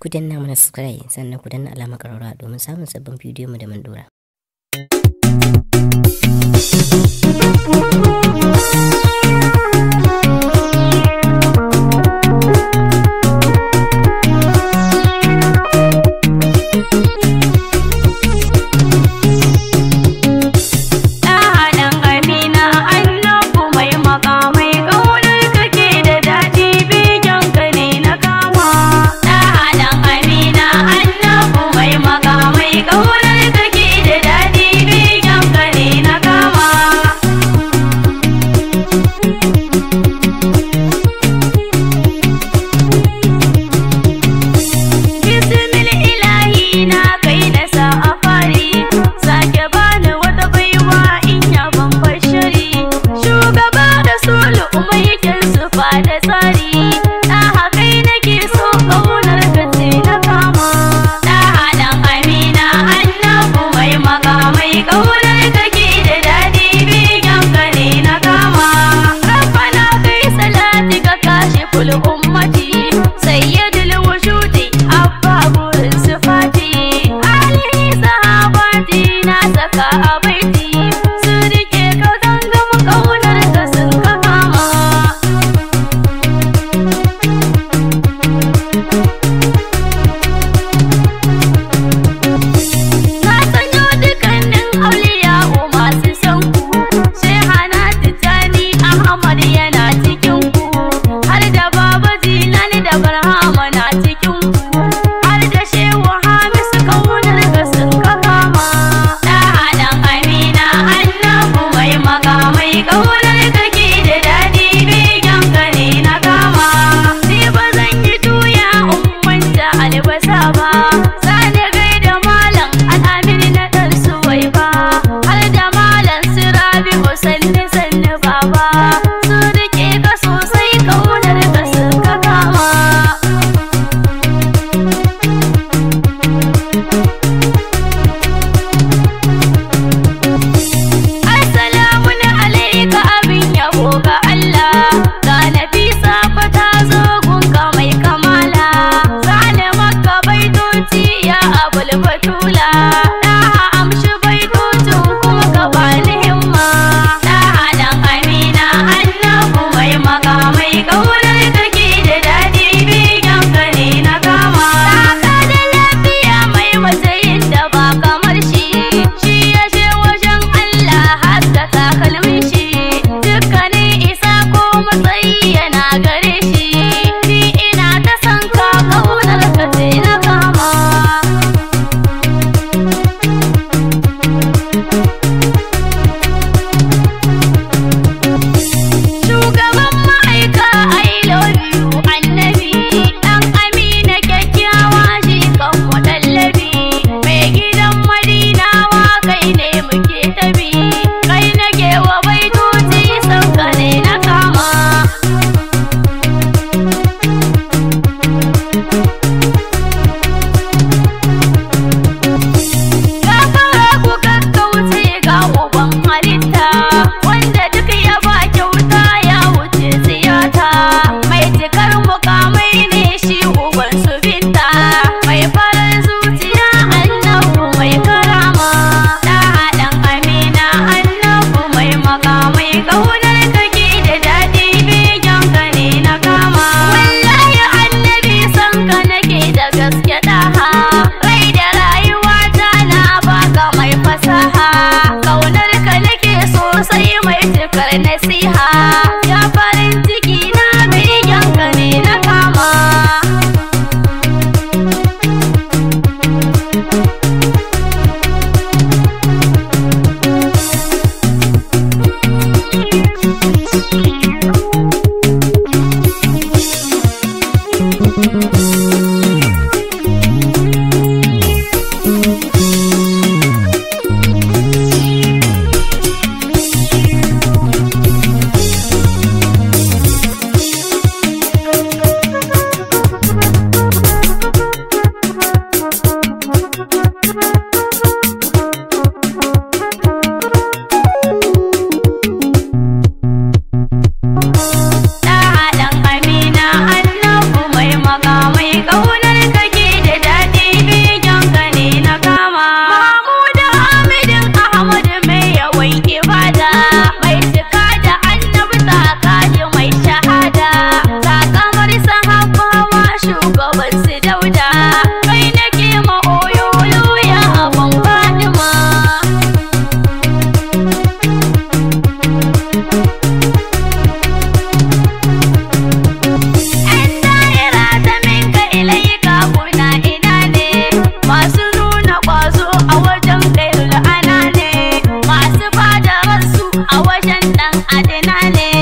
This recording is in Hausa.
ku danna mana subscribe sannan ku danna alamar ƙararrawa domin samun sabbin bidiyon mu da mun dora. da barhamana Tenale